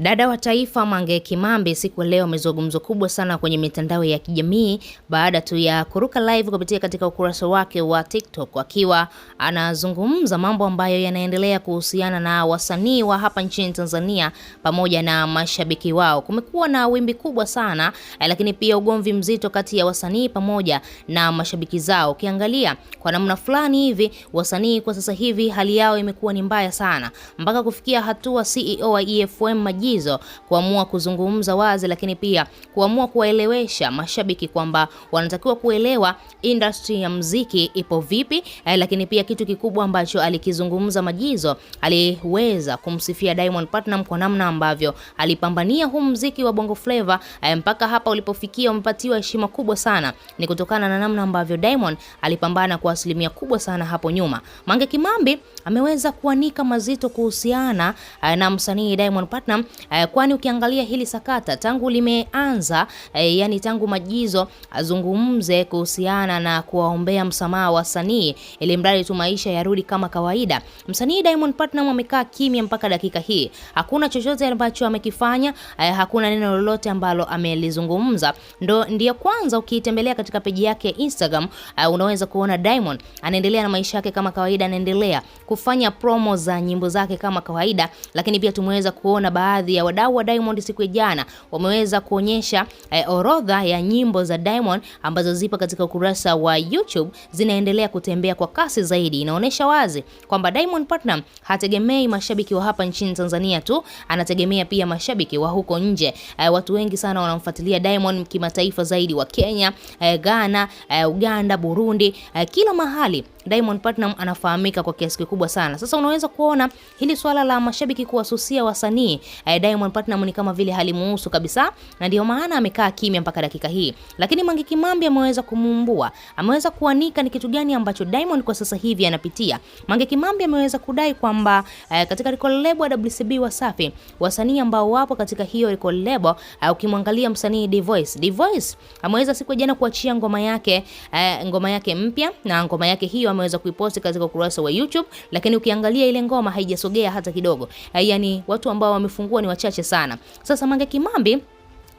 Dada wa taifa Mange Kimambi siku leo amezungumzwa kubwa sana kwenye mitandao ya kijamii baada tu ya kuruka live kupitia katika ukurasa wake wa TikTok akiwa anazungumza mambo ambayo yanaendelea kuhusiana na wasanii wa hapa nchini Tanzania pamoja na mashabiki wao. Kumekuwa na wimbi kubwa sana lakini pia ugomvi mzito kati ya wasanii pamoja na mashabiki zao. Ukiangalia kwa namna fulani hivi wasanii kwa sasa hivi hali yao imekuwa ni mbaya sana mpaka kufikia hatua CEO wa EFM Maji maagizo, kuamua kuzungumza wazi, lakini pia kuamua kuwaelewesha mashabiki kwamba wanatakiwa kuelewa industry ya mziki ipo vipi. Eh, lakini pia kitu kikubwa ambacho alikizungumza Majizo, aliweza kumsifia Diamond Platinum kwa namna ambavyo alipambania huu mziki wa Bongo Flava eh, mpaka hapa ulipofikia, umepatiwa heshima kubwa sana, ni kutokana na namna ambavyo Diamond alipambana kwa asilimia kubwa sana hapo nyuma. Mange Kimambi ameweza kuanika mazito kuhusiana eh, na msanii Diamond Platinum eh, kwani ukiangalia hili sakata tangu limeanza eh, yani tangu Majizo azungumze kuhusiana na kuwaombea msamaha wasanii ili mradi tu maisha yarudi kama kawaida, msanii Diamond Platnumz amekaa kimya mpaka dakika hii. Hakuna chochote ambacho amekifanya eh, hakuna neno lolote ambalo amelizungumza. Ndo ndiyo kwanza ukiitembelea katika peji yake ya Instagram eh, unaweza kuona Diamond anaendelea na maisha yake kama kawaida, anaendelea kufanya promo za nyimbo zake kama kawaida, lakini pia tumeweza kuona baadhi baadhi ya wadau wa Diamond siku ya jana wameweza kuonyesha eh, orodha ya nyimbo za Diamond ambazo zipo katika ukurasa wa YouTube zinaendelea kutembea kwa kasi zaidi. Inaonyesha wazi kwamba Diamond Platnumz hategemei mashabiki wa hapa nchini Tanzania tu, anategemea pia mashabiki wa huko nje. Eh, watu wengi sana wanamfuatilia Diamond kimataifa zaidi wa Kenya, eh, Ghana, eh, Uganda, Burundi, eh, kila mahali Diamond Platinum anafahamika kwa kiasi kikubwa sana. Sasa unaweza kuona hili swala la mashabiki kuwasusia wasanii eh, Diamond Platinum ni kama vile halimuhusu kabisa, na ndio maana amekaa kimya mpaka dakika hii, lakini Mange Kimambi ameweza kumumbua, ameweza kuanika ni kitu gani ambacho Diamond kwa sasa hivi anapitia. Mange Kimambi ameweza kudai kwamba eh, katika record label ya WCB Wasafi wasanii ambao wapo katika hiyo record label eh, ukimwangalia msanii Voice, Dvoice Voice ameweza siku jana kuachia ngoma yake eh, ngoma yake mpya na ngoma yake hiyo ameweza kuiposti katika ukurasa wa YouTube, lakini ukiangalia ile ngoma haijasogea hata kidogo. Yaani watu ambao wamefungua ni wachache sana. Sasa Mange Kimambi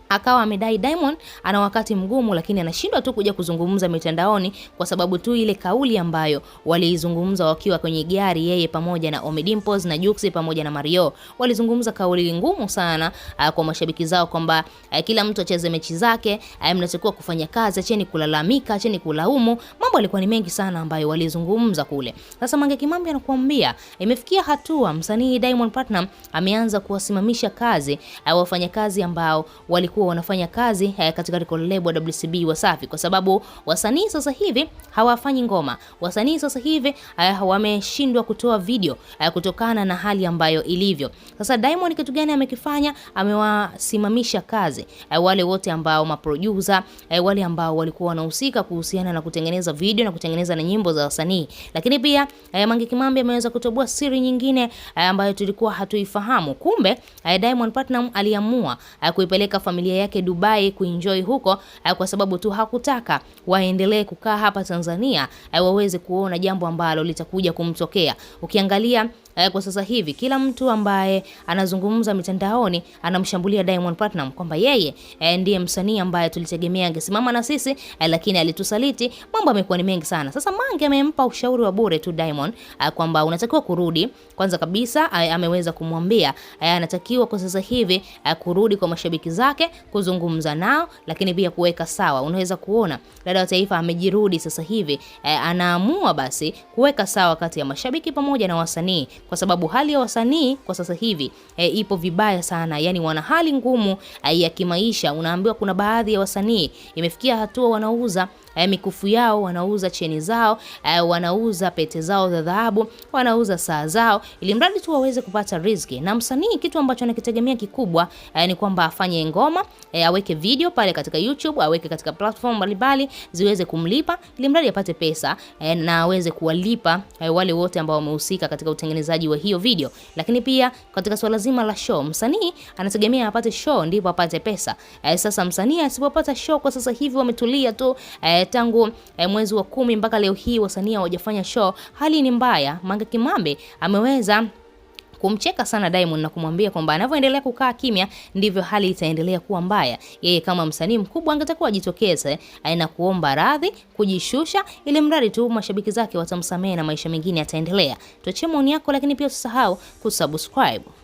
akawa amedai Diamond ana wakati mgumu, lakini anashindwa tu kuja kuzungumza mitandaoni kwa sababu tu ile kauli ambayo waliizungumza wakiwa kwenye gari, yeye pamoja na Ommy Dimpoz na Jux pamoja na Mario walizungumza kauli ngumu sana uh, kwa mashabiki zao kwamba uh, kila mtu acheze mechi zake, uh, mnatakiwa kufanya kazi, acheni kulalamika, acheni kulaumu. Mambo yalikuwa ni mengi sana ambayo walizungumza kule. Sasa Mange Kimambi anakuambia imefikia hatua msanii Diamond Platnumz ameanza kuwasimamisha kazi uh, wafanyakazi ambao walikuwa walikuwa wanafanya kazi eh, katika record label WCB Wasafi, kwa sababu wasanii sasa hivi hawafanyi ngoma. Wasanii sasa hivi eh, wameshindwa kutoa video eh, kutokana na hali ambayo ilivyo sasa. Diamond kitu gani amekifanya? Amewasimamisha kazi wale wote ambao maproducer, wale ambao walikuwa wanahusika kuhusiana na kutengeneza video na kutengeneza na nyimbo za wasanii. Lakini pia Mange Kimambi ameweza kutoboa siri nyingine ambayo tulikuwa hatuifahamu. Kumbe Diamond Platinum aliamua kuipeleka familia familia yake Dubai kuenjoy huko eh, kwa sababu tu hakutaka waendelee kukaa hapa Tanzania eh, waweze kuona jambo ambalo litakuja kumtokea. Ukiangalia Eh, kwa sasa hivi kila mtu ambaye anazungumza mitandaoni anamshambulia Diamond Platinum kwamba yeye eh, ndiye msanii ambaye tulitegemea angesimama na sisi, eh, lakini alitusaliti. Mambo amekuwa ni mengi sana. Sasa Mange amempa ushauri wa bure tu Diamond kwamba unatakiwa kurudi. Kwanza kabisa ameweza kumwambia anatakiwa kwa sasa hivi kurudi kwa mashabiki zake, kuzungumza nao, lakini pia kuweka sawa. Unaweza kuona dada wa taifa amejirudi sasa hivi, anaamua basi kuweka sawa kati ya mashabiki pamoja na wasanii kwa sababu hali ya wasanii kwa sasa hivi e, ipo vibaya sana, yani wana hali ngumu eh, ya kimaisha. Unaambiwa kuna baadhi ya wasanii imefikia hatua wanauza e, mikufu yao, wanauza cheni zao, e, wanauza pete zao za dhahabu, wanauza saa zao, ili mradi tu waweze kupata riziki. Na msanii kitu ambacho anakitegemea kikubwa e, ni kwamba afanye ngoma, e, aweke video pale katika YouTube, aweke katika platform mbalimbali ziweze kumlipa, ili mradi apate pesa e, na aweze kuwalipa e, wale wote ambao wamehusika katika utengenezaji wa hiyo video. Lakini pia katika swala zima la show, msanii anategemea apate show ndipo apate pesa. e, Sasa msanii asipopata show kwa sasa hivi wametulia tu e, tangu eh, mwezi wa kumi mpaka leo hii wasanii hawajafanya show. Hali ni mbaya. Mange Kimambe ameweza kumcheka sana Diamond na kumwambia kwamba anavyoendelea kukaa kimya ndivyo hali itaendelea kuwa mbaya. Yeye kama msanii mkubwa angetakuwa ajitokeze eh, na kuomba radhi, kujishusha, ili mradi tu mashabiki zake watamsamehe na maisha mengine yataendelea. Tuachie maoni yako, lakini pia usisahau kusubscribe.